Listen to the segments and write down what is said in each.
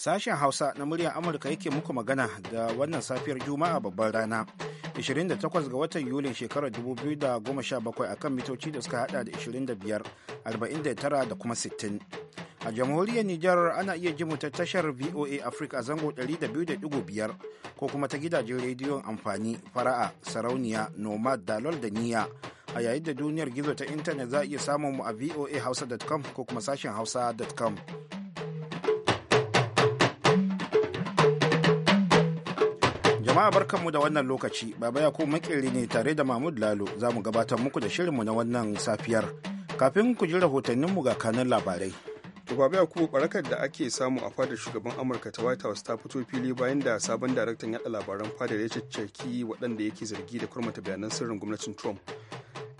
Sashen Hausa na muryar Amurka yake muku magana da wannan safiyar Juma'a babban rana. 28 ga watan Yulin shekarar 2017 akan mitoci da suka hada da 25, 49 da kuma 60. A jamhuriyar Nijar ana iya jimu ta tashar VOA Africa a zango 200.5 ko kuma ta gidajen rediyon amfani fara'a, sarauniya, nomad, dalol da niyya. A yayin da duniyar gizo ta intanet za a iya samun mu a voa hausa.com ko kuma sashen hausa.com. Jama'a barkanmu da wannan lokaci, Baba Yakubu makirri ne tare da Mahmud Lalo za mu gabatar muku da shirinmu na wannan safiyar. Kafin ku ji rahotanninmu ga kanun labarai. To Baba Yakubu barakar da ake samu a fadar shugaban Amurka ta White House ta fito fili bayan da sabon daraktan yada labaran fadar ya caccaki waɗanda yake zargi da kurmata bayanan sirrin gwamnatin Trump.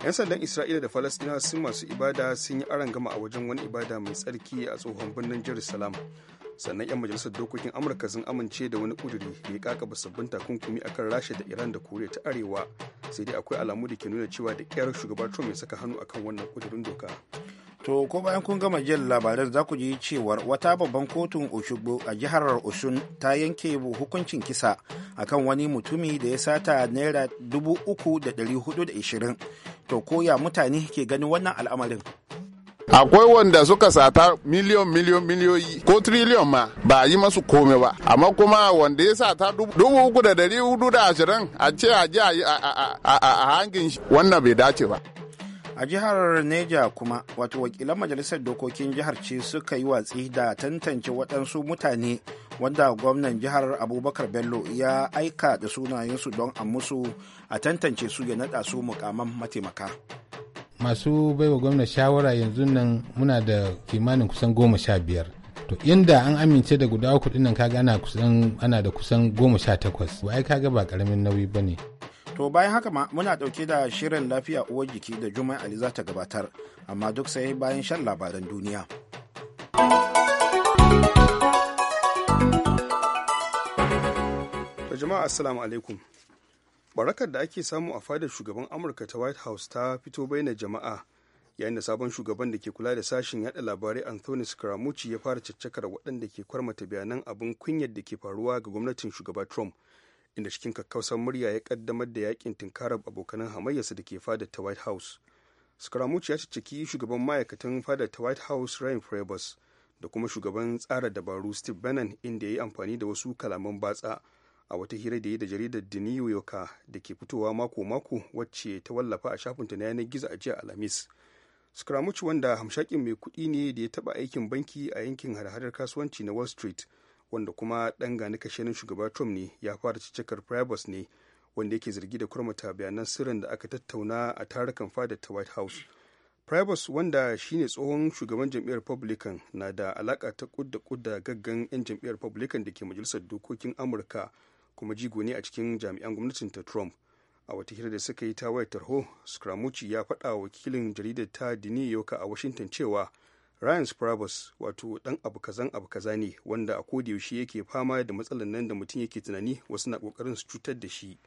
'Yan sandan Isra'ila da Falasɗinawa sun masu ibada sun yi gama a wajen wani ibada mai tsarki a tsohon birnin Jerusalem. sannan 'yan majalisar dokokin amurka sun amince da wani kuduri da ya kakaba sabbin takunkumi akan rasha da iran da koriya ta arewa sai dai akwai alamu da ke nuna cewa da kyar shugaba trump ya saka hannu akan wannan kudurin doka to ko bayan kun gama jiyar labarai za ku ji cewar wata babban kotun oshogbo a jihar osun ta yanke hukuncin kisa akan wani mutumi da ya sata naira dubu uku da ɗari hudu da ishirin to koya mutane ke ganin wannan al'amarin akwai wanda suka sata miliyon miliyon miliyoyi ko triliyon ma ba a yi masu kome ba amma kuma wanda ya sata dubu uku da dari hudu da ashirin a ce a ji a hangin wannan bai dace ba a jihar neja kuma wato wakilan majalisar dokokin jihar ce suka yi watsi da tantance waɗansu mutane wanda gwamnan jihar abubakar bello ya aika da sunayensu don a musu a tantance su ya naɗa su mukaman mataimaka masu baiwa gwamna shawara yanzu nan muna da kimanin kusan goma sha biyar to inda an amince da guda uku dinnan kaga ana kusan ana da kusan goma sha takwas ba ai kaga ba karamin nauyi ba ne to bayan haka ma muna dauke da shirin lafiya uwar jiki da juma'a ali za ta gabatar amma duk sai bayan shan labaran duniya jama'a assalamu alaikum barakar da ake samu a fadar shugaban amurka ta white house ta fito bayyana jama'a yayin da sabon shugaban da ke kula da sashen yada labarai anthony scaramucci ya fara caccakar waɗanda ke kwarmata bayanan abin kunyar da ke faruwa ga gwamnatin shugaba trump inda cikin kakkausar murya ya kaddamar da yakin tunkarar abokanan hamayyarsa da ke fadar ta white house scaramucci ya caccaki shugaban ma'aikatan fadar ta white house ryan frebus da kuma shugaban tsara dabaru steve bannon inda ya yi amfani da wasu kalaman batsa a wata hira da yi da jaridar the new yorker da ke fitowa mako-mako wacce ta wallafa a shafinta na yanar gizo a jiya alhamis scramuch wanda hamshakin mai kuɗi ne da ya taba aikin banki a yankin hada kasuwanci na wall street wanda kuma ɗan gani kashenin shugaba trump ne ya fara cikakar privacy ne wanda yake zargi da kurmata bayanan sirrin da aka tattauna a tarukan fadar ta white house Priebus wanda shine tsohon shugaban jam'iyyar Republican na da alaka ta ƙudda kudda gaggan 'yan jam'iyyar Republican da ke majalisar dokokin Amurka kuma jigo ne a cikin jami'an gwamnatin ta trump a wata hira da suka yi ta wayar tarho scaramucci ya faɗa wa wakilin jaridar ta dini yoka a washington cewa ryan sprabus wato dan abu kazan abu kaza ne wanda a yaushe yake fama da matsalan nan da mutum yake tunani wasu na kokarin su cutar da shi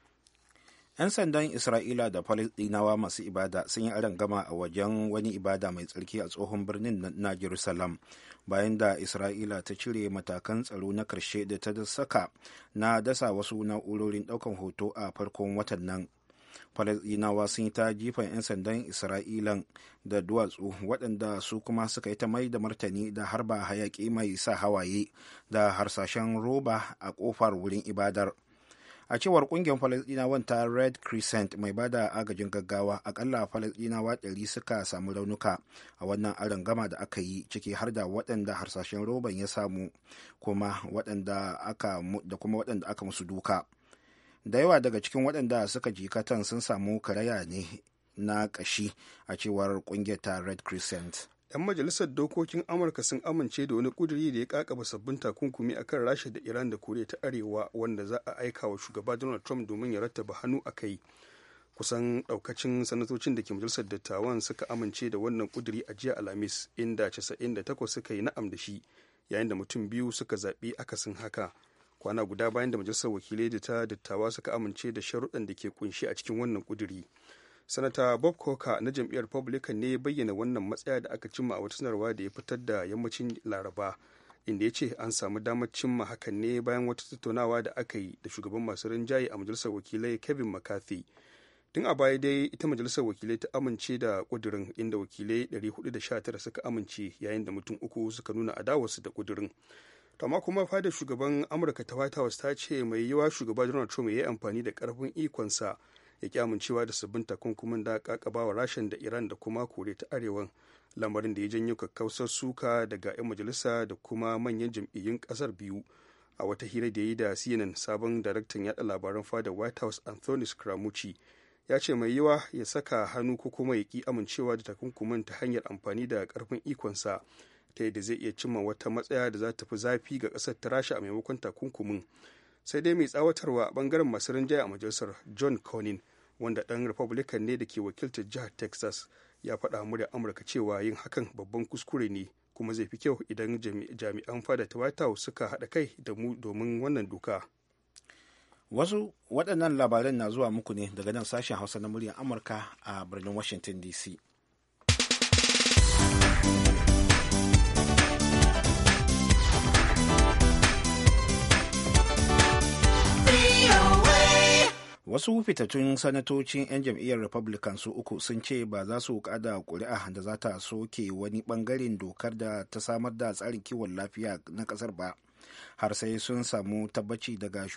'yan sandan isra'ila da falasɗinawa masu ibada sun yi aron gama a wajen wani ibada mai tsarki a tsohon birnin na jerusalem bayan da isra'ila ta cire matakan tsaro na karshe da ta saka na dasa wasu na'urorin daukan hoto a farkon watan nan falasɗinawa sun yi ta jifan 'yan sandan isra'ilan da duwatsu waɗanda su kuma suka yi ta mai da martani da harba hayaƙi mai sa hawaye da harsashen roba a ƙofar wurin ibadar a cewar kungiyar falasdinawan ta red crescent mai bada agajin gaggawa akalla falasdinawa ɗari suka samu raunuka a wannan aron gama da aka yi ciki har da waɗanda harsashen roban ya samu da kuma waɗanda aka musu duka da yawa daga cikin waɗanda suka ji jikatan sun samu karaya ne na ƙashi a cewar kungiyar ta red crescent 'yan majalisar dokokin amurka sun amince da wani kuduri da ya kakaba sabbin takunkumi a kan rasha da iran da koriya ta arewa wanda za a aika wa shugaba donald trump domin ya rattaba hannu a kai kusan daukacin sanatocin da ke majalisar dattawan suka amince da wannan kuduri a jiya alhamis inda 98 suka yi na'am da shi yayin da mutum biyu suka zaɓi akasin haka kwana guda bayan da majalisar wakilai da ta dattawa suka amince da sharuɗan da ke kunshi a cikin wannan kuduri. sanata bob coker na jam'iyyar republican ne bayyana wannan matsaya da aka cimma a wata sanarwa da ya fitar da yammacin laraba inda ya ce an samu damar cimma hakan ne bayan wata tattaunawa da aka yi da shugaban masu rinjaye a majalisar wakilai kevin mccarthy tun a baya dai ita majalisar wakilai ta amince da kudurin inda wakilai 419 suka amince yayin da mutum uku suka nuna adawarsu da kudurin amma kuma fadar shugaban amurka ta white house ta ce mai yiwa shugaba donald trump ya yi amfani da karfin ikonsa ya ki amincewa da sabbin takunkumin da kakaba wa rashin da iran da kuma kore ta arewan lamarin da ya janyo kakkausar suka daga 'yan majalisa da kuma manyan jam'iyyun kasar biyu a wata hira da ya yi da cnn sabon daraktan yada labaran fada white house anthony scaramucci ya ce mai yawa ya saka hannu ko kuma ya ki amincewa da takunkumin ta hanyar amfani da karfin ikonsa ta yadda zai iya cimma wata matsaya da za ta fi zafi ga ƙasar ta rasha a maimakon takunkumin sai dai mai tsawatarwa a bangaren masu rinjaye a majalisar john conin wanda dan republican ne da ke wakiltar jihar texas ya faɗa murya amurka cewa yin hakan babban kuskure ne kuma zai fi kyau idan jami'an fada ta white house suka haɗa kai da mu domin wannan doka wasu waɗannan labaran na zuwa muku ne daga nan sashen hausa na muryar amurka a birnin washington dc wasu fitattun sanatocin 'yan jam'iyyar republican su uku sun ce ba za su kada kuri'a da za ta soke wani bangaren dokar da ta samar da tsarin kiwon lafiya na kasar ba har sai sun samu tabbaci daga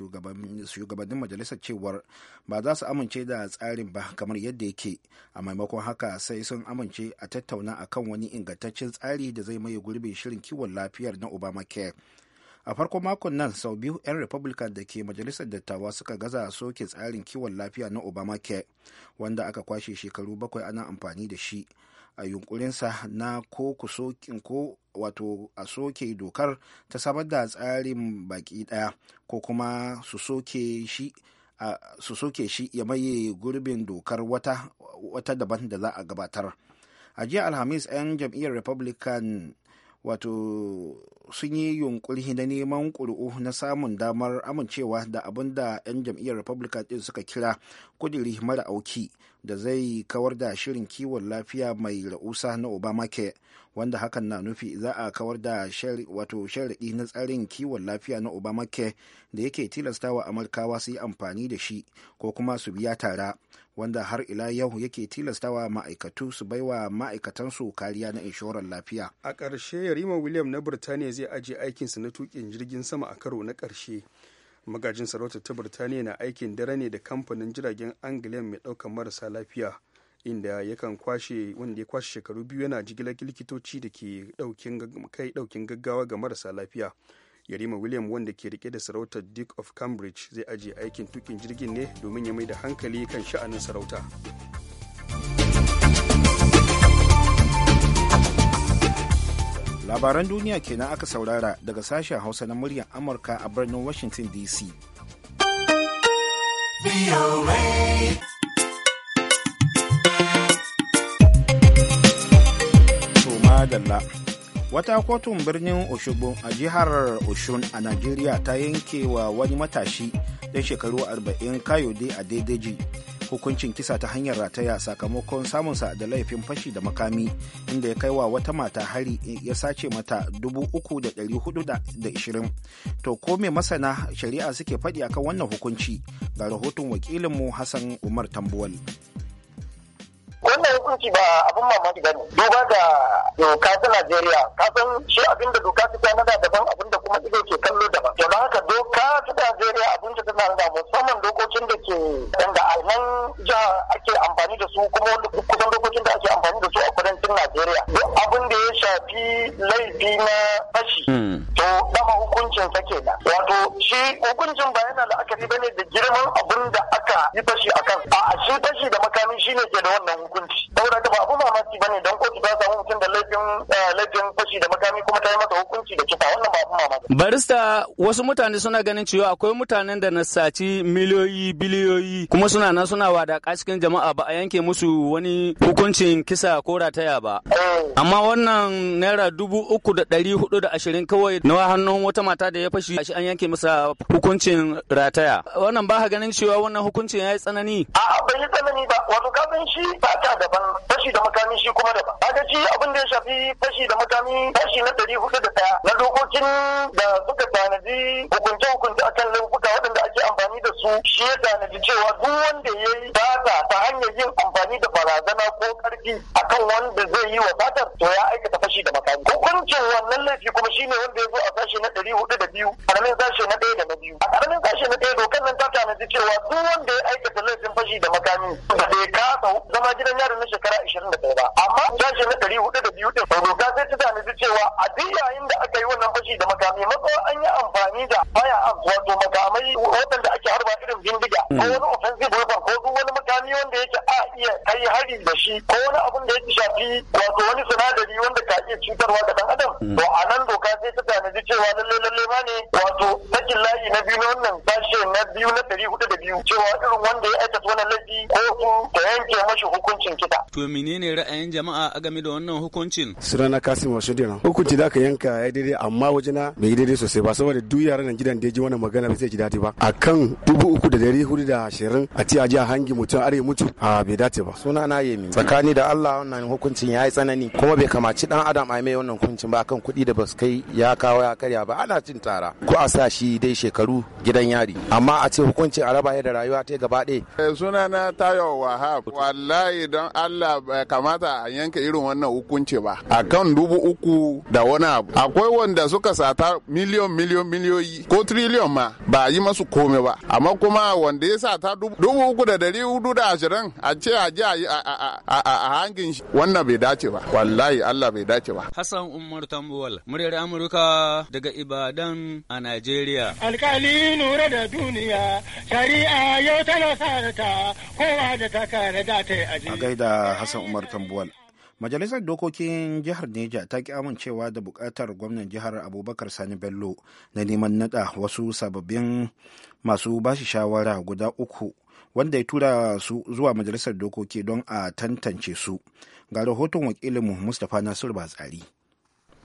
shugabannin majalisar cewar ba za su amince da tsarin ba kamar yadda yake a maimakon haka sai sun amince a tattauna akan wani ingantaccen tsari da zai maye gurbin shirin kiwon lafiyar na obamacare a farkon makon nan sau biyu 'yan republican da ke majalisar dattawa suka gaza soke tsarin kiwon lafiya na obamacare wanda aka kwashe shekaru bakwai ana amfani da shi a yunkurinsa na ko ku ko wato a soke dokar ta samar da tsarin baki daya ko kuma su soke shi su soke shi ya maye gurbin dokar wata, wata daban da za a gabatar a jiya alhamis 'yan jam'iyyar republican wato sun yi yunkuri na neman ƙuri'u na samun damar amincewa da abin da 'yan jam'iyyar republican din suka kira kudiri mara auki da zai kawar da shirin kiwon lafiya mai ra'usa na obamacare wanda hakan na nufi za a kawar da wato sharaɗi na tsarin kiwon lafiya na obamacare da yake tilastawa amurkawa su yi amfani da shi ko kuma su biya tara wanda har ila yau yake tilastawa ma'aikatu su bai wa ma'aikatansu kariya na inshorar lafiya a ƙarshe yarima william na birtaniya zai ajiye aikinsa na tuƙin jirgin sama a karo na ƙarshe magajin sarautar ta birtaniya na aikin dare ne da kamfanin jiragen angliya mai ɗaukar marasa lafiya inda yakan kwashe wanda ya kwashe shekaru biyu yana jigilar likitoci da ke kai ɗaukin gaggawa ga marasa lafiya yarima william wanda ke rike da sarautar duke of cambridge zai ajiye aikin tukin jirgin ne domin ya mai da hankali kan sha'anin sarauta labaran duniya kenan aka saurara daga sashen hausa na muryar amurka a birnin washington dc Wata kotun birnin Oshogbo a jihar Oshun a Najeriya ta yanke wa wani matashi dan shekaru 40 kayode a daidaiji hukuncin kisa ta hanyar rataya sakamakon samunsa da laifin fashi da makami inda ya kai wa wata mata hari ya sace mata 3,420 to ko me masana shari'a suke faɗi akan wannan hukunci ga rahoton wakilinmu hassan umar tambuwal. hukunci ba abin mamaki ba ne duba da doka ta najeriya ka san shi abin da doka ta canada daban abin da kuma ido ke kallo daban to don haka doka ta najeriya abin da ta da musamman dokokin da ke da a ake amfani da su kuma kusan dokokin da ake amfani da su a kudancin najeriya duk abin da ya shafi laifi na fashi hmm. to dama hukuncin sa kenan wato shi hukuncin ba yana la'akari ne da girman abin da aka yi fashi a kan? A'a shi fashi da makami shine ke da wannan hukunci saboda ba abu mamaki ne don kotu ta samu mutum da laifin eh, laifin fashi da makami kuma ta yi masa hukunci da kisa wannan ba kuma ba. Barista wasu mutane suna ganin cewa akwai mutanen da na saci miliyoyi biliyoyi kuma suna nan suna wadaƙa cikin jama'a ba a yanke musu wani hukuncin kisa ko rataya ba. Eh. Amma wannan naira dubu uku da ɗari hudu da ashirin kawai na hannun wata mata da ya fashi shi an yanke masa hukuncin rataya. Wannan ba ka ganin cewa wannan hukuncin ya yi tsanani? A'a bai yi tsanani ba wato kafin shi ba ta daban fashi da makami shi kuma daban. Kaga ci abin da ya shafi fashi da makami cikin kashi na ɗari huɗu da ɗaya na dokokin da suka tanadi hukunce-hukunce a kan laifuka waɗanda ake amfani da su shi ya tanadi cewa duk wanda ya yi ta hanyar yin amfani da barazana ko ƙarfi akan wanda zai yi wa fatar to ya aikata fashi da makami. irin wannan laifi kuma ne wanda ya zo a sashe na ɗari hudu da biyu ƙaramin sashe na ɗaya da na biyu a ƙaramin sashe na ɗaya dokar nan ta tanadi cewa duk wanda ya aikata laifin fashi da makami da bai kasa zama gidan yari na shekara ashirin da ɗaya ba amma sashe na ɗari hudu da biyu ɗin doka sai ta tanadi cewa a duk yayin da aka yi wannan fashi da makami matsawar an yi amfani da baya wato makamai waɗanda ake harba irin bindiga ko mm. wani offensive weapon ko duk wani makami wanda yake a iya kai hari da shi ko wani abun da ya shafi wato wani sinadari wanda ka iya cutarwa da ɗan adam wajen mm. to a nan doka sai ta tanadi cewa lalle lalle ma ne wato sakin layi na biyu na wannan sashe na biyu na ɗari hudu da biyu cewa irin wanda ya aikata wannan laifi ko su ta yanke mashi hukuncin kita. To menene ra'ayin jama'a a game da wannan hukuncin? na Kasim Washudin. Hukunci da aka yanka ya daidai amma wajena bai daidai sosai ba saboda duk yaran nan gidan da ya ji wannan magana bai sai ji daɗi ba. A kan dubu uku da ɗari hudu da ashirin a ce a ji a hangi mutum are mutu a bai dace ba. suna na Yemi. Tsakani da Allah wannan hukuncin ya yi tsanani kuma bai kamaci dan Adam a mai wannan hukuncin ba. ba kan kuɗi da basu kai ya kawo ya karya ba ana cin tara ko a sa shi dai shekaru gidan yari amma a ce hukuncin a raba da rayuwa ta gaba ɗaya. Eh, suna na tayo wahab wallahi don allah kamata a yanke irin wannan hukunci ba a kan dubu uku da wani abu akwai wanda suka sata miliyon miliyon miliyoyi ko triliyon ma ba yi masu kome ba amma kuma wanda ya sata dubu uku da dari hudu da ashirin a ce a je a hangin shi. wannan bai dace ba wallahi allah bai dace ba hassan umar Umar Tambuwal, muryar Amurka daga Ibadan a Najeriya. Alkali nura da duniya, shari'a yau tana sarata, kowa da ta kare da ta yi A gaida Hassan Umar Tambuwal. Majalisar Dokokin Jihar Neja ta ki amincewa da bukatar gwamnan jihar Abubakar Sani Bello na neman nada wasu sababbin masu bashi shawara guda uku wanda ya tura su zuwa Majalisar Dokoki don a tantance su. Ga rahoton wakilinmu Mustapha Nasiru Batsari.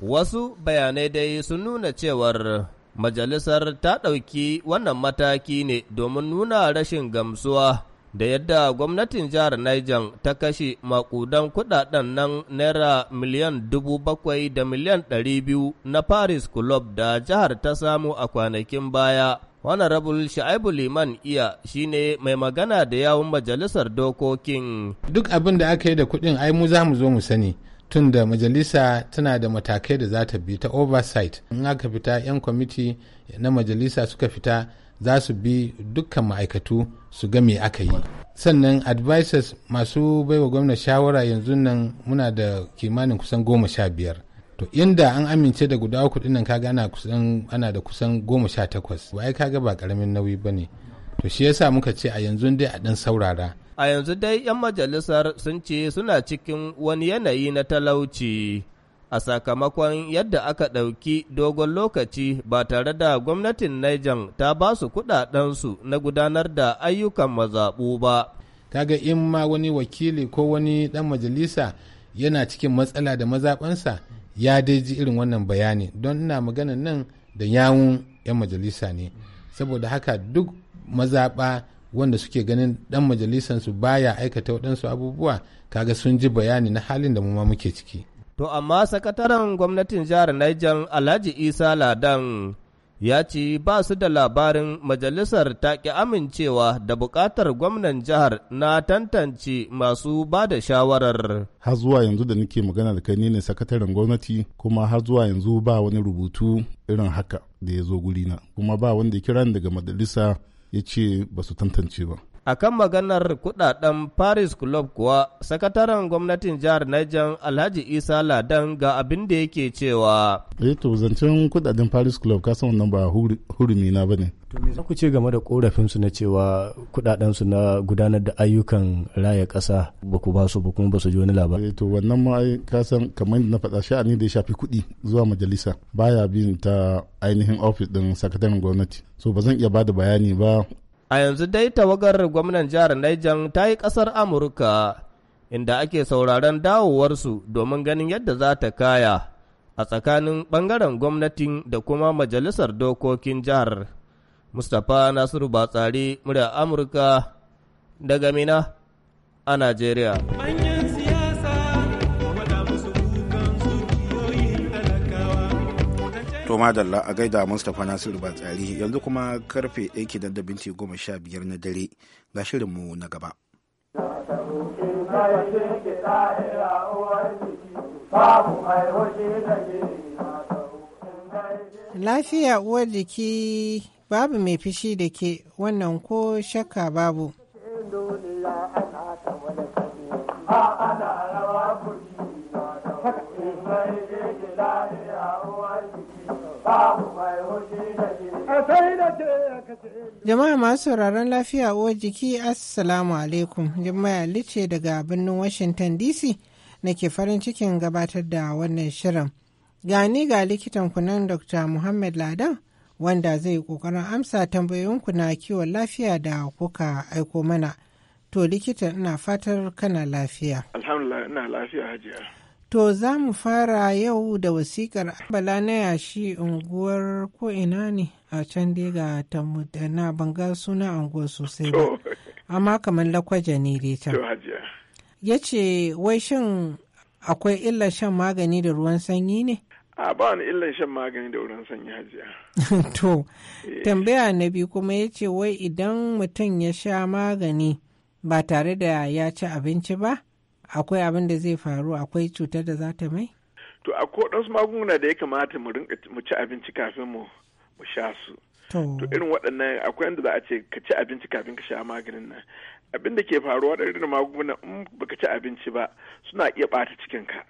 Wasu bayanai dai sun nuna cewar majalisar ta ɗauki wannan mataki ne domin nuna rashin gamsuwa da yadda gwamnatin jihar Niger ta kashe makudan kudaden nan naira miliyan dubu bakwai da miliyan ɗari biyu na Paris Club da jihar ta samu a kwanakin baya. Honorable Sha'ibu Liman Iya shine mai magana da yawun majalisar dokokin. Duk abin da aka yi da kuɗin ai mu za mu zo mu sani. tun da majalisa tana da matakai da za ta bi ta oversight in aka fita 'yan kwamiti na majalisa suka fita za su bi dukkan ma'aikatu su ga me aka yi sannan advisors masu baiwa gwamna shawara yanzu nan muna da kimanin kusan goma sha biyar to inda an amince da guda uku dinnan kaga ana kusan ana da kusan goma sha takwas ba ai kaga ba karamin nauyi bane to shi yasa muka ce a yanzu dai a dan saurara A yanzu dai 'yan majalisar sun ce suna cikin wani yanayi na talauci a sakamakon yadda aka ɗauki dogon lokaci ba tare da gwamnatin Niger ta ba su kuɗaɗensu na gudanar da ayyukan mazaɓu ba. Kaga in ma wani wakili ko wani ɗan majalisa yana cikin matsala da mazaɓansa ya daji irin wannan bayani don ina magana nan da yawun 'yan majalisa ne. Saboda haka duk mazaɓa wanda suke ganin dan su baya aikata waɗansu abubuwa kaga sun ji bayani na halin da mu ma muke ciki. To amma sakataren gwamnatin jihar Niger Alhaji Isa Ladan ya ce ba su da labarin majalisar ta ki amincewa da bukatar gwamnan jihar na tantance masu ba da shawarar. Har zuwa yanzu da nake magana da kai ne sakataren gwamnati kuma har zuwa yanzu ba wani rubutu irin haka da ya zo gurina kuma ba wanda ya kira daga majalisa ya ce ba su tantance ba a kan maganar kudaden Paris Club kuwa, sakataren gwamnatin jihar Niger Alhaji Isa Ladan ga abin da yake cewa. Eh to zancen kudaden Paris Club kasan wannan ba hurumi na bane. To za ku ce game da korafin su na cewa kudaden na gudanar da ayyukan raya kasa ba ku ba su ba kuma ba su ji wani labari. Eh to wannan ma kasan kamar na faɗa sha'ani da ya shafi kuɗi zuwa majalisa baya bin ta ainihin ofis din sakataren gwamnati. So ba zan iya bada bayani ba A yanzu dai tawagar gwamnan jihar Niger ta yi ƙasar Amurka, inda ake sauraron dawowarsu domin ganin yadda za ta kaya a tsakanin ɓangaren gwamnatin da kuma majalisar dokokin jihar. Mustapha Nasiru Batsari, murya Amurka daga Mina a Najeriya. to madalla a gaida mustapha nasiru tsari yanzu kuma karfe ɗaya da binti goma sha biyar na dare ga mu na gaba lafiya uwar jiki babu mai fishi da ke wannan ko shakka babu Jama'a masu sauraron lafiya uwar jiki Assalamu alaikum. Jama'a Lice daga birnin Washington DC na ke farin cikin gabatar da wannan shirin. Gani ga likitan kunan Dr. Muhammad Ladan wanda zai kokarin amsa tambayoyin ku na kiwon lafiya da kuka aiko mana. To likita ina fatar kana lafiya. Alhamdulillah ina lafiya hajiya. To za mu fara yau da wasikar Bala na yashi unguwar ko'ina ne a can dai ga tamudana ban ga suna unguwar sosai ba, amma kamar lakwaja ne dai ta. Ya ce, wai shin akwai illa shan magani da ruwan sanyi ne? A ba wani illa shan magani da ruwan sanyi hajiya. to, eh. tambaya na biyu kuma ya ce, wai idan mutum ya sha magani ba tare da ya ci abinci ba? akwai abin da zai faru akwai cutar da za ta mai? To akwai wasu magunguna da ya kamata mu rinka mu ci abinci kafin mu mu sha su. To irin waɗannan akwai yadda za a ce ka ci abinci kafin ka sha maganin nan. Abin da ke faruwa da irin magunguna in baka ci abinci ba suna iya ɓata cikin ka.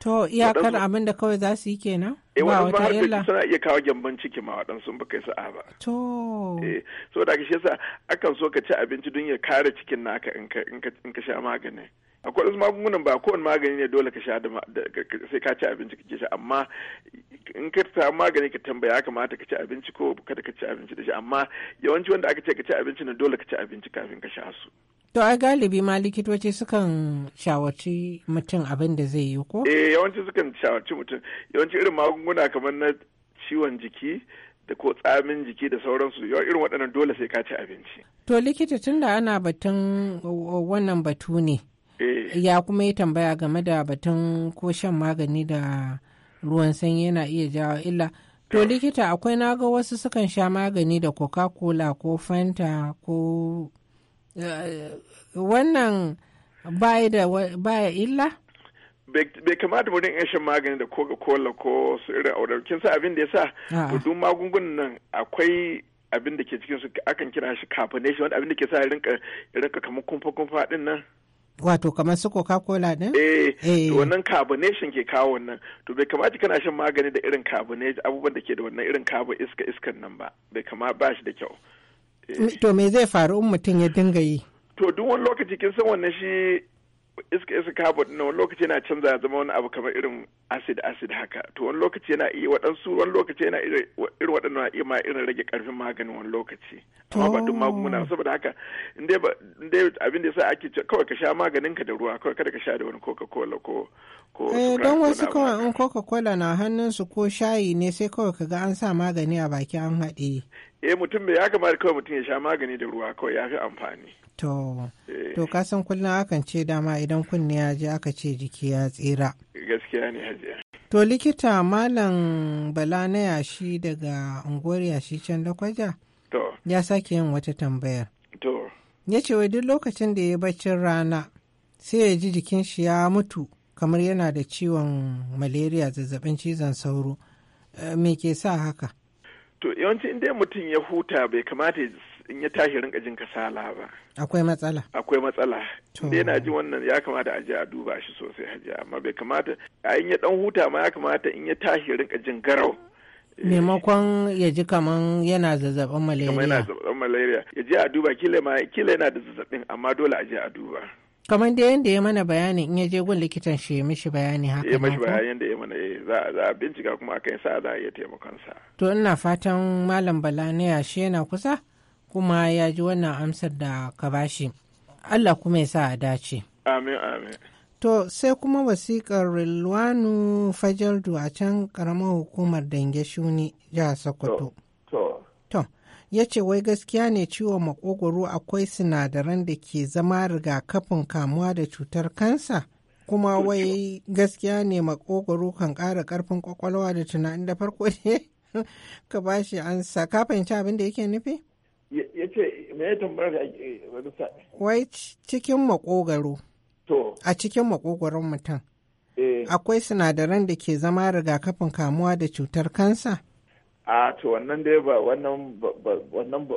To iyakar abin da kawai za su yi kenan? Eh, ba wata illa. Suna iya kawo gyamban ciki ma waɗansu ba kai sa'a ba. To. Eh, so da shi yasa akan so ka ci abinci don ya kare cikin naka in ka sha maganin. akwai wasu magungunan ba kowane magani ne dole ka sha da sai ka ci abinci kake sha amma in ka ta magani ka tambaya kamata ka ci abinci ko kada ka ci abinci da shi amma yawanci wanda aka ce ka ci abinci ne dole ka ci abinci kafin ka sha su To ai galibi ma likitoci sukan shawarci mutum abin da zai yi ko? Eh yawanci sukan shawarci mutum yawanci irin magunguna kamar na ciwon jiki da ko tsamin jiki da sauransu yau irin waɗannan dole sai ka ci abinci. To likita tunda ana batun wannan batu ne. Eh. ya kuma yi tambaya game da batun ko shan magani da ruwan sanyi yana iya jawo illa to likita akwai na ga wasu sukan sha magani da coca-cola ko fanta ko eh, wannan baya da illa bai kamata mu dinga shan magani da coca-cola ko su irin aure kin sa abin da ya sa duk magungunan nan akwai abin da ke cikin su akan kira shi shi wanda abin da ke sa ya rinka kamar kumfa-kumfa din nan wato kamar su coca-cola ne. eh, eh. wannan carbonation ke kawo wannan to bai kamata kana shan magani da irin carbonation abubuwan da ke da wannan irin carbon iska iskan nan ba bai kama ba shi da kyau eh. to me zai faru in mutum ya dinga yi to duk wani lokaci kin san wannan shi iska iska carbon na wani lokaci yana canza ya zama wani abu kamar irin acid acid haka to wani lokaci yana iya waɗansu wani lokaci yana irin waɗannan na iya ma irin rage ƙarfin maganin wani lokaci amma ba duk magunguna saboda haka in dai abin da yasa ake kawai ka sha maganin ka da ruwa kawai kada ka sha da wani coca cola ko ko eh don wasu kawai in coca cola na hannun su ko shayi ne sai kawai ka ga an sa magani a baki an haɗe eh mutum bai ya kamata kawai mutum ya sha magani da ruwa kawai ya fi amfani To, to eh. kasan kullum akan ce dama idan kunne ya ji aka ce jiki ya tsira. Gaskiya ne hajiya. To likita Malam Bala na yashi daga unguwar yashi can Lakwaja? To. Ya sake yin wata tambayar. To. Ya ce wai duk lokacin da ya baccin rana sai ya ji jikin shi ya mutu kamar yana da ciwon malaria zazzabin cizon sauro. Eh, me ke sa haka? To yawanci inda mutum ya huta bai kamata ya in ya tashi rinka jin kasala ba. Akwai matsala. Akwai matsala. Da yana ji wannan ya kamata a je a duba shi sosai haji amma bai kamata a in ya dan huta ma ya kamata in ya tashi rinka jin garau. Eh. maimakon ya ji kaman yana zazzabin malaria kaman yana zazzabin malaria ya je a duba kila ma kila yana da zazzabin amma dole a je a duba kamar da yanda ya mana bayani in ya je gun likitan shi ya mishi bayani haka ya mishi bayani yanda ya mana eh, za za bincika kuma a kai sa za a iya taimakon sa to ina fatan malam bala ne ya shi yana kusa kuma ya ji wannan amsar da ka bashi allah kuma ya sa a dace amin amin to sai kuma wasiƙar rilwanu fajardu a can ƙaramar hukumar dange shuni jihar sokoto to ya ce wai gaskiya ne ciwon makogwaro akwai sinadaran da ke zama rigakafin kamuwa da cutar kansa kuma wai gaskiya ne makogwaro kan ƙara ƙarfin kwakwalwa da tunanin da farko ne ka bashi an sa ka abin da yake nufi? ya ce me ya tambayar da ake wai cikin makogaro to a cikin makogaron mutum eh. akwai sinadaran da ke zama rigakafin kamuwa da cutar kansa a to wannan dai ba wannan ba wannan ba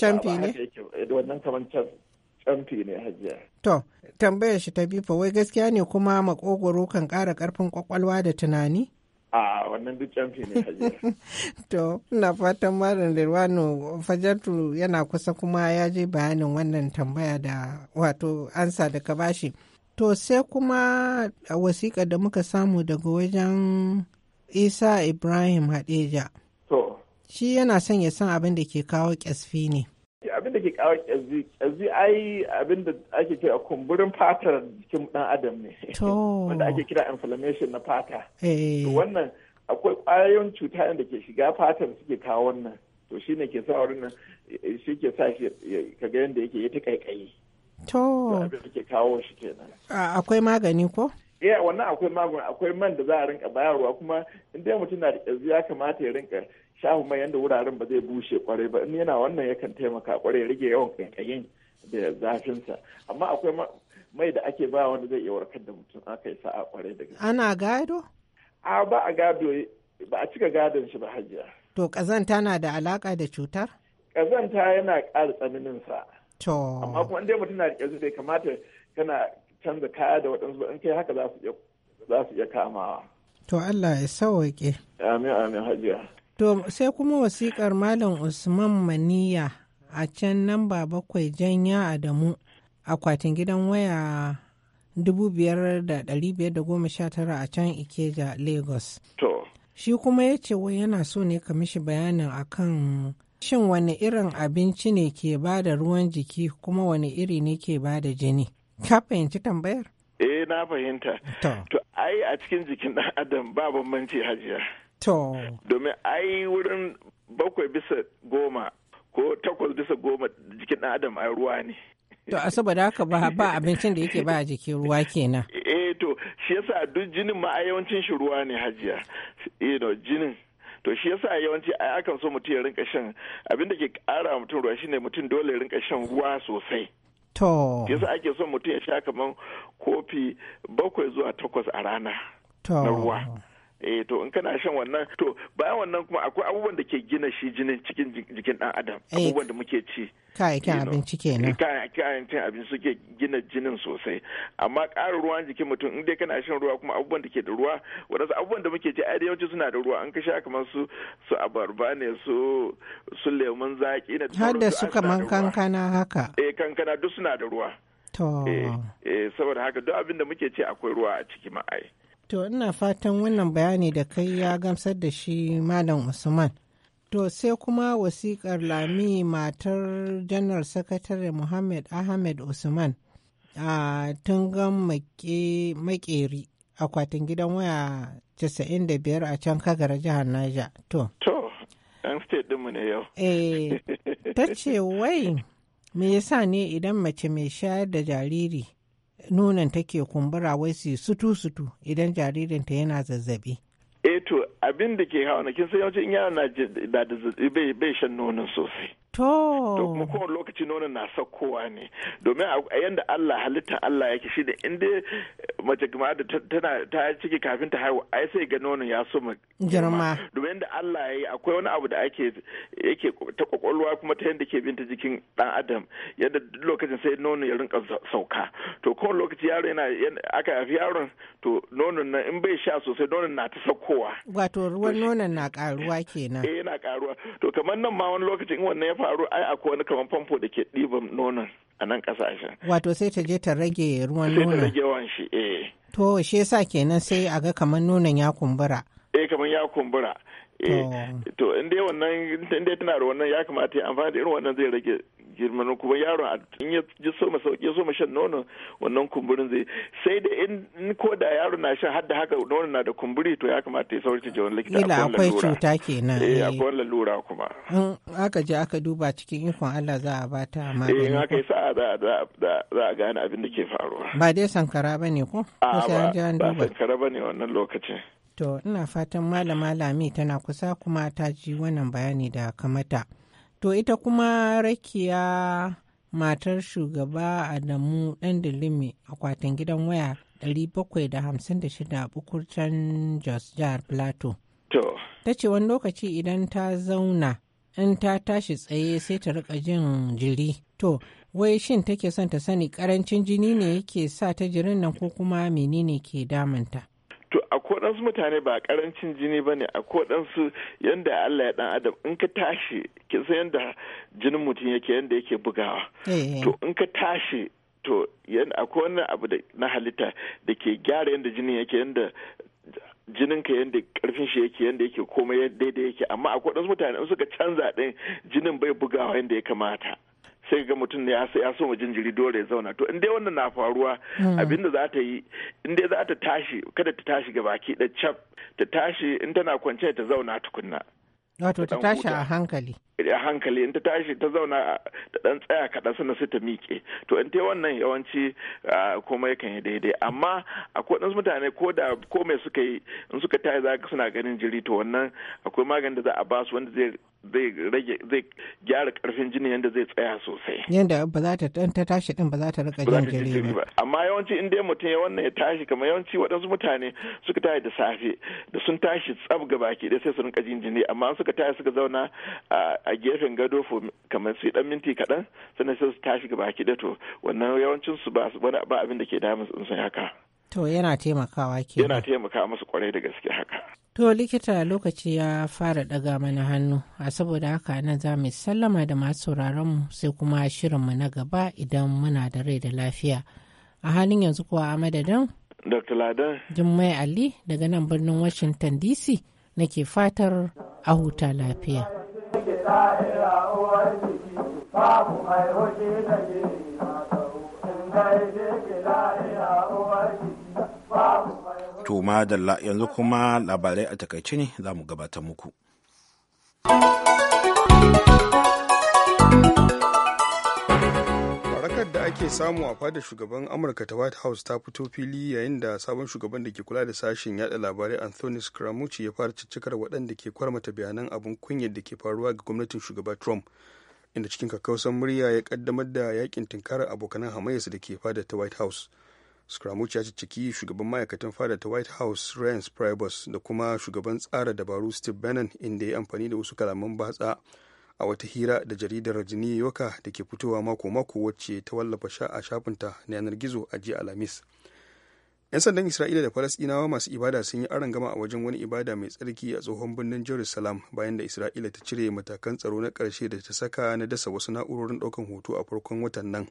camfi ne eh, wannan kamar can canfi ne hajiya to tambayar shi ta bifa wai gaskiya ne kuma makogaro kan ƙara ƙarfin kwakwalwa da tunani a wannan duk camfi ne to ina fatan malam lirwano fajatu yana kusa kuma ya je bayanin wannan tambaya da wato ansa da ka bashi to sai kuma a wasiƙa da muka samu daga wajen isa ibrahim hadeja to shi yana son ya san abin da ke kawo ƙyasfi ne ke kawo ƙyazi ƙyazi ai abin da ake kira kumburin fatar jikin dan adam ne wanda ake kira inflammation na fata eh. to wannan akwai ƙwayoyin cuta da ke shiga fatar suke kawo wannan to shine ke sa wurin nan shi ke sa shi kaga yadda yake ya ta kaikayi to abin da ke kawo shi kenan akwai magani ko eh wannan akwai magani akwai man da za a rinka bayarwa kuma in dai mutum na da ƙyazi ya kamata ya rinka sha mai yadda wuraren ba zai bushe kwarai ba in yana wannan yakan taimaka kwarai rage yawan kankayin da zafinsa amma akwai mai da ake ba wanda zai iya warkar da mutum aka yi sa'a kwarai da gaske ana gado a ba a gado ba a cika gadon shi ba hajiya to kazanta na da alaka da cutar kazanta yana ƙara tsananin sa to amma kuma inda mutum na rike zai kamata kana canza kaya da waɗansu in kai haka za su iya kamawa to Allah ya sauke amin amin hajiya To sai kuma wasikar Malam Usman Maniya a can nan ba bakwai janya Adamu akwatin gidan waya 5,519 a can Ikeja Lagos. To. Shi kuma ya ce wai yana so ne ka mishi bayanin akan shin wani irin abinci ne ke ba da ruwan jiki kuma wani iri ne ke ba da jini. Ka fahimci tambayar? Eh na fahimta. To. ai a cikin jikin ɗan adam ba bambanci hajiya. Domin ai wurin bakwai bisa goma ko takwas bisa goma jikin ɗan adam ai ruwa ne. To a saboda haka ba ba abincin da yake ba a jikin ruwa kenan. Eh to shi yasa duk jinin ma yawancin shi ruwa ne hajiya. Eh to jinin to shi yasa yawanci a akan so mutum ya rinka shan abin da ke kara mutum ruwa shine mutum dole ya rinka shan ruwa sosai. To. Yasa ake so mutum ya sha kaman kofi bakwai zuwa takwas a rana. To. Na ruwa. eh to in kana shan wannan to bayan wannan kuma akwai abubuwan da ke gina shi jinin cikin jikin dan adam eh, abubuwan da muke ci kayayyakin abinci kenan eh, kayayyakin abinci suke gina jinin sosai amma ƙara ruwan jikin mutum in dai kana shan ruwa kuma abubuwan da ke da ruwa wadansu abubuwan da muke ci a yawanci suna da ruwa an ka sha kamar su su abarba ne su su lemun zaki ne har da su kamar kankana haka eh kankana duk suna da ruwa to eh, eh saboda haka duk abin da muke ci akwai ruwa a ciki ma'ai To ina fatan wannan bayani da kai ya gamsar da shi Malam Usman. To sai kuma wasiƙar Lami matar janar sakatare Muhammad Ahmed Usman a tungan makeri akwatin gidan waya 95 a can kagara jihar Naija. To, to, an state ɗinmu ne yau. Eh, ta ce wai me yasa ne idan mace mai shayar da jariri nunan take kumbura wai su sutu-sutu idan jaririnta yana zazzabi. Eto, eh abin da ke hawa kin san yawanci in yaro na da zazzabi bai shan nono sosai To. To kuma kowane lokaci nonon na saukowa ne. Domin a yanda Allah halittar Allah yake shi da inda mace gama da tana ta ciki kafin ta haihu ai sai ga nonon ya so girma. Domin yanda Allah ya yi akwai wani abu da ake yake ta kwakwalwa kuma ta yanda ke binta jikin dan adam yadda lokacin sai nonon ya rinka sauka. To kowane lokaci yaro yana aka haifi yaron to nonon nan in bai sha sosai nonon na ta saukowa. Wato ruwan nonon na karuwa kenan. Eh yana karuwa. To kamar nan ma wani lokacin wannan ya faru ai akwai wani kamar famfo da ke ɗiban nonon a nan ƙasashen. Wato sai ta je ta rage ruwan nonon. Sai ta rage yawan shi eh. To shi yasa kenan sai a ga kamar nonon ya kumbura. Eh kamar ya kumbura. Eh, to in dai wannan in dai tana da wannan ya kamata ya amfani da irin wannan zai rage girman kuma a tun ya ji so ma sauki so ma shan nono wannan kumburin zai sai da in ko da yaro na shan hadda haka nono na da kumburi to ya kamata ya saurace je wani likita ila akwai cuta kenan eh, eh akwai lalura kuma in aka je aka duba cikin ikon Allah za a ba ta magani eh in aka yi sa'a za a za a gane abin da ke faruwa ba dai sankara bane ko ko sai an je an duba ba sankara bane wannan lokacin to ina fatan malama lami tana kusa kuma ta ji wannan bayani da kamata To ita kuma rakiya matar shugaba Adamu ɗan dilimi akwatin gidan waya 756 bukurcen Jos Jihar Plateau. To. Ta ce wani lokaci idan ta zauna in ta tashi tsaye sai ta rika jin jiri. To, wai shin take son ta sani karancin jini ne yake sa ta jirin nan ko kuma menene ke damanta? ta? waɗansu mutane ba karancin jini ba ne a waɗansu yadda Allah ya ɗan adam in ka tashi ke san yadda jinin mutum yake yadda yake bugawa eh. to in ka tashi to akwai wani abu na halitta da ke gyara yadda jinin yake yadda jininka yadda karfin shi yake yadda yake komai daidai yake amma akwai waɗansu mutane in suka canza ɗin jinin bai bugawa yadda ya kamata sai ga mutum ne ya so jinjiri dole ya zauna to in dai wannan na faruwa hmm. abin da za ta yi in dai za ta tashi kada ta tashi ga baki da cap ta tashi in tana kwance ta zauna tukunna wato ta tashi a hankali eh, a hankali in ta tashi ta zauna ta dan tsaya kaɗan sana sai ta miƙe to in ta wannan yawanci komai kan yi daidai amma akwai ɗansu mutane ko da komai mai suka yi in suka tashi za suna ganin jiri to wannan akwai magani da za a basu wanda zai zai rage zai gyara karfin jini yadda zai tsaya sosai yadda ba za ta ta tashi din ba za ta rika jin jiri ba amma yawanci in dai mutum ya wannan ya tashi kamar yawanci waɗansu mutane suka tashi da safe da sun tashi tsab gaba ki sai su rinka jin jini amma suka tashi suka zauna a gefen gado kamar su dan minti kaɗan sannan sai su tashi gaba ki to wannan yawancin su ba abin da ke damun sun haka To yana taimakawa ke. Yana taimaka musu kwarai da gaske haka. To likita lokaci ya fara daga mana hannu, a saboda haka na za mu sallama da masu mu sai kuma shirin mu na gaba idan muna da rai da lafiya. A halin yanzu kuwa a madadin? Dr. Ladan. Jummai Ali daga nan birnin Washington DC nake fatar a huta lafiya. Babu mai hoji da ke na in dai ke To madalla yanzu kuma labarai a takaice ne za mu gabata muku. Barakar da ake samu a fadar shugaban Amurka ta White House ta fito fili yayin da sabon shugaban da ke kula da sashen yada labarai Anthony Scaramucci ya fara ciccikar waɗanda ke kwarmata bayanan abin kunyar da ke faruwa ga gwamnatin shugaba Trump. Inda cikin kakkausan murya ya kaddamar da yakin tunkarar abokanan hamayyarsa da ke fada ta White House. Scaramucci ya ciki shugaban ma'aikatan fada ta White House Ryan Priebus da kuma shugaban tsara dabaru Steve Bannon inda ya amfani da wasu kalaman batsa a wata hira da jaridar New Yorker da ke fitowa mako-mako wacce ta wallafa sha a shafinta na yanar gizo a jiya Alhamis. 'Yan sandan Isra'ila da Falasɗinawa masu ibada sun yi aron gama a wajen wani ibada mai tsarki a tsohon birnin Jerusalem bayan da Isra'ila ta cire matakan tsaro na ƙarshe da ta saka na dasa wasu na'urorin ɗaukan hoto a farkon watan nan.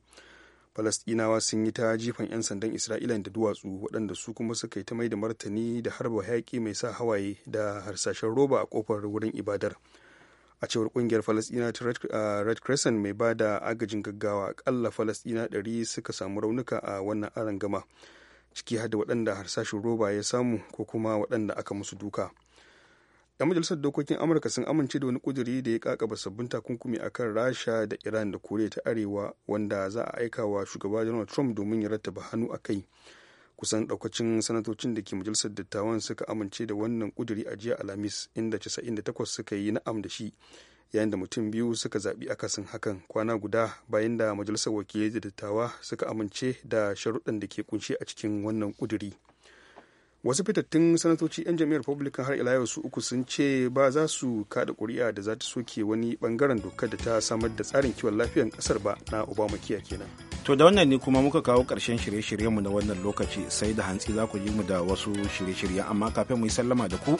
falasɗinawa sun yi ta jifan 'yan sandan isra'ila da duwatsu waɗanda su kuma suka yi ta mai da martani da harba hayaƙi mai sa hawaye da harsashen roba a kofar wurin ibadar a cewar ƙungiyar falasɗina ta red crescent mai ba da agajin gaggawa akalla falasɗina ɗari suka samu raunuka a wannan arangama ciki har da waɗanda harsashin roba ya samu ko kuma waɗanda aka musu duka 'yan majalisar dokokin amurka sun amince da wani kuduri da ya kakaba sabbin takunkumi akan rasha da iran da koriya ta arewa wanda za a aika wa shugaba donald trump domin ya rattaba hannu a kai kusan daukacin sanatocin da ke majalisar dattawan suka amince da wannan kuduri a jiya alhamis inda 98 suka yi na'am da shi yayin da mutum biyu suka zaɓi akasin hakan kwana guda bayan da majalisar wakilai da dattawa suka amince da sharuɗan da ke kunshe a cikin wannan kuduri. wasu fitattun sanatoci 'yan jam'iyyar republican har ila yau su uku sun ce ba za su kada kuri'a da za ta soke wani bangaren dokar da ta samar da tsarin kiwon lafiyar kasar ba na obama kiya kenan to da wannan ne kuma muka kawo karshen shirye-shiryenmu na wannan lokaci sai da hantsi za ku ji mu da wasu shirye shiryen amma kafin mu yi sallama da ku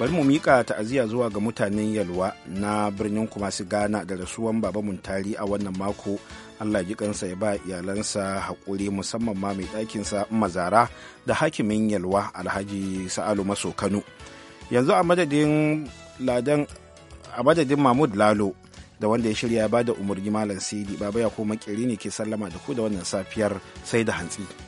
bari mu mika ta'aziyya zuwa ga mutanen yalwa na birnin kumasi gana da rasuwan baba muntari a wannan mako allah ji kansa ya ba iyalansa haƙuri musamman ma mai ɗakinsa mazara da hakimin yalwa alhaji sa'alu maso kano yanzu a madadin mahmud lalo da wanda ya shirya ba da umarni malam sidi baba ya koma makiri ne ke sallama da ku da wannan safiyar sai da hantsi.